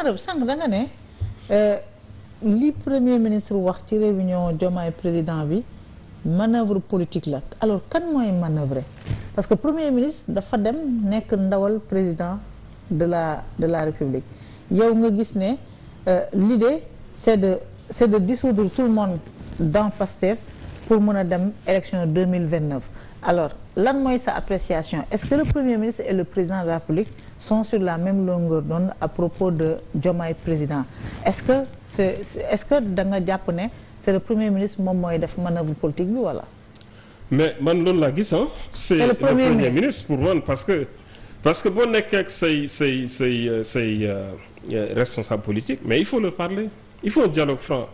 xaaral sànq da nga ne euh, li premier ministre wax ci réunion Diomaye président bi manœuvre politique la alors kan mooy manœuvrer parce que premier ministre dafa dem nekk ndawal président de la de la république yow nga gis ne euh, l'idée c'est de c'est de dissoudre tout le monde dans pour mën a dem élection 2029 alors lan mooy sa appréciation est-ce que le premier ministre et le président de la République sont sur la même longueur d'onde à propos de Diomaye président est-ce que c'est est-ce que da jàpp ne c'est le premier ministre moom mooy def manœuvre politique bi wala. mais man loolu la gis c'est le premier ministre, pour man parce que parce que boo nekkee ak say say say euh, say euh, euh, responsable politique mais il faut leur parler il faut un dialogue franc.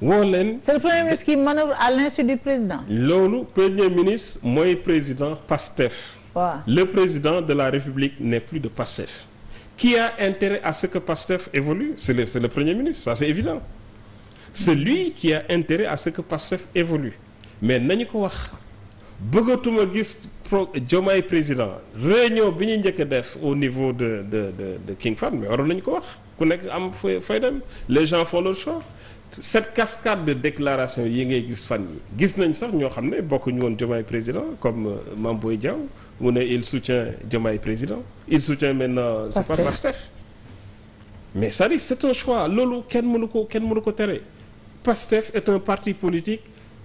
woo leen. c'est le premier à l'insu du loolu premier ministre mooy président PASTEF. waaw le président de la république n'est plus de PASTEF. qui a intérêt à ce que PASTEF évolue c'est le c'est le premier ministre ça c'est évident. c'est lui qui a intérêt à ce que PASTEF évolue mais nañu ko wax bëggatuma gis pro ay président réunion bi ñu njëkk a def au niveau de de de de King Fahd mais na ñu ko wax ku nekk am fay fay dem les gens font leur choix cette cascade de déclaration yi ngay gis fan yi gis nañ sax ñoo xam ne bokkuñu woon Diomaye président comme euh, Mame Boye Diao mu ne il soutient Diomaye président il soutient maintenant c'est pas Pastef mais ça dit c'est un choix loolu kenn mënu ko kenn mënu ko tere Pastef est un parti politique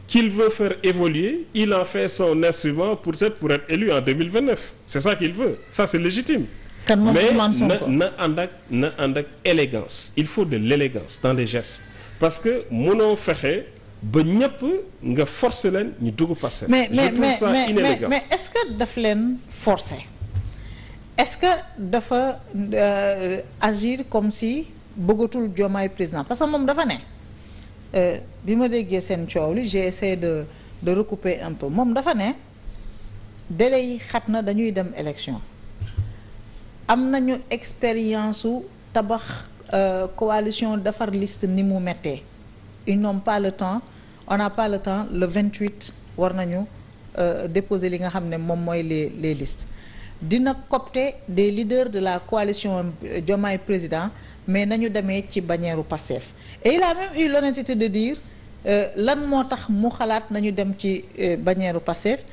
qu'il veut faire évoluer il en fait son instrument pour être pour être élu en 2029 c'est ça qu'il veut ça c'est légitime mais na na ànd ak na ànd ak élégance il faut de l'élégance dans les gestes parce que mënoo fexe ba ñëpp nga force leen ñu dugg Pastef. je mais ça inélégant mais est-ce que daf leen forcer est-ce que dafa euh, agir comme si bëggatul jommaay président parce que moom dafa ne euh, bi ma déggee seen coow li j'ai essayé de de recouper un moom dafa ne délai yi xat na dañuy dem élection am nañu expérience su tabax. euh, coalition defar liste ni mu mettee ils n'ont le temps on n'a pas le temps le 28 war nañu euh, déposer li nga xam ne moom mooy les les listes dina copter des leaders de la coalition jomaay euh, président mais nañu demee ci bañeeru Pastef et il a même eu l'honnêteté de dire euh, lan moo tax mu xalaat nañu dem ci euh, bannière Pastef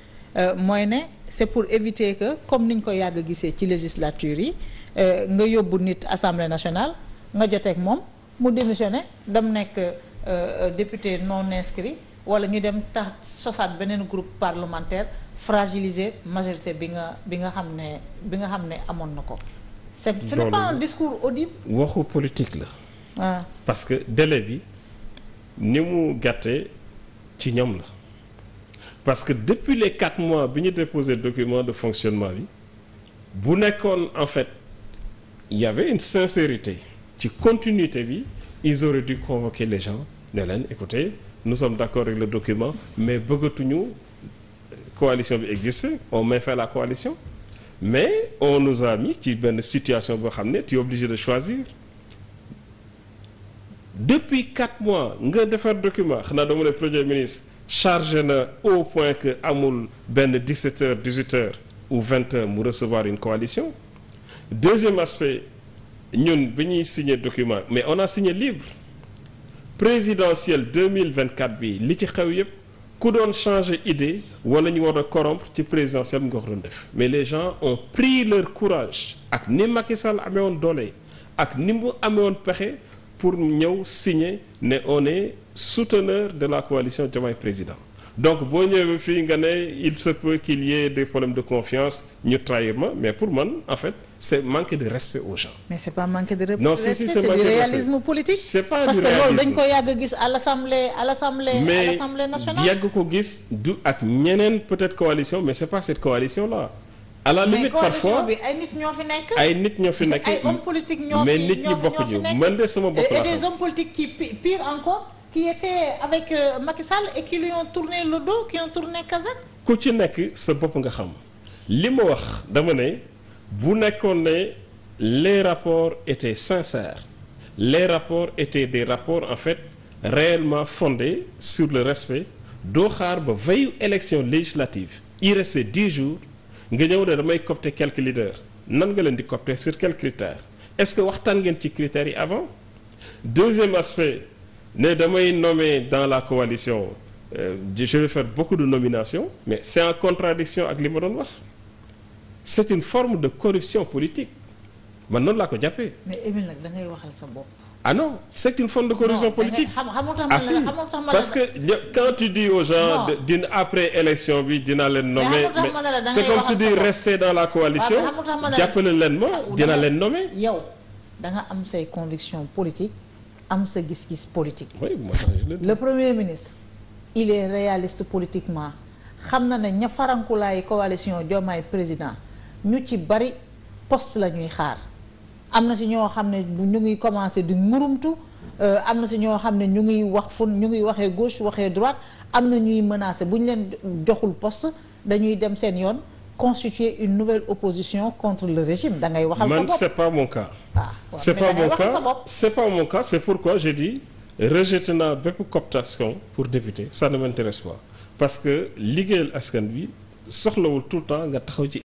mooy ne c'est pour éviter que comme niñ ko yàgg gisee ci législature yi nga yóbbu nit assemblée nationale nga joteeg moom mu démissionné dam nekk euh, euh, député non inscrit wala ñu dem tax sosaat beneen groupe parlementaire fragiliser majorité bi nga bi nga xam ne bi nga xam ne amoon na ko. c'est ce n'est pas un discours audible. waxu politique la. Ah. parce que délai bi ni mu gàttee ci ñoom la parce que depuis les quatre mois bi ñu déposé document de fonctionnement bi bu nekkoon en fait il y avait une sincérité. ci continuité bi ils auraient dû convoquer les gens ne leen écoutez nous sommes d'accord avec le document mais bëggatuñu coalition bi existe on met fin à la coalition mais on nous a mis ci benn situation boo xam ne tu es de choisir depuis quatre mois nga defar document xanaa dama ne premier ministre chargé na au point que amul benn 17 heures 18 heures ou 20 heures mu recevoir une coalition deuxième aspect ñun bi ñuy signé document mais on a signé libre présidentielle 2024 bi li ci xew yëpp ku doon changer idée wala ñu war a corrompre ci présidentielle nga ko def mais les gens ont pris leur courage ak ni Macky Sall amee woon doole ak ni mu amee woon pexe pour ñëw signer ne on est souteneur de la coalition Diomaye président donc boo ñëwee fii nga ne il se peut qu'il y des problèmes de confiance ñu trahir ma mais pour man en fait c'est manquer de respect aux gens. mais c'est pas manquer de respect. non si si c'est du réalisme politique. c'est pas du réalisme parce que loolu dañ ko yàgg gis à l'assemblée à l'assemblée à l'assemblée nationale. mais yàgg ak ñeneen peut-être coalition mais c'est pas cette coalition là. à la limite parfois mais ay nit ñoo fi nekk. ay nit ñoo fi nekk ay hommes politiques ñoo fi mais nit ñi bokk ñu mën de sama bopp laa et des hommes politiques qui pire encore qui étaient avec euh, kazak. ku ci nekk sa bopp nga xam li ma wax dama ne. bu nekkoon ne les rapports étaient sincères les rapport étaient des rapport en fait réellement fondés sur le respect doo xaar ba veille élection législative il restait dix jours nga ñëw ne damay copter quelques leaders nan nga leen di copter sur quels critères est-ce que waxtaan ngeen ci critère yi avant deuxième aspect ne damay nommer dans la coalition euh, je vais faire beaucoup de nominations mais c'est en contradiction ak li ma doon wax c'est une forme de corruption politique man noonu laa ko jàppee. mais Émile nag da ngay waxal sa bopp. ah non c'est une forme de corruption politique ah si parce que quand tu dis aux gens dina après élection bi dina leen nommer mais c'est comme si di rester dans la coalition jàppale leen ma dina leen nommer yow da nga am say convictions politiques am sa gis-gis politique le premier ministre il est réaliste politiquement xam na ne ña farankulaay coalition Diomaye président ñu ci bari post la ñuy xaar am na si ñoo xam ne ñu ngi commencé di murumtu euh, am na si ñoo xam ne ñu ngi wax fun ñu ngi waxee gauche waxee droite am na ñuy menacé bu ñu leen joxul poste dañuy dem seen yoon constituer une nouvelle opposition contre le régime da ngay waxal sa bopp man c'est pas mon cas. ah c'est pas mon cas c'est pas pourquoi j'ai dit rejeté naa bépp coptation pour député ça ne m'intéresse pas parce que liggéeyal askan bi soxlawul tout le temps nga taxaw ci.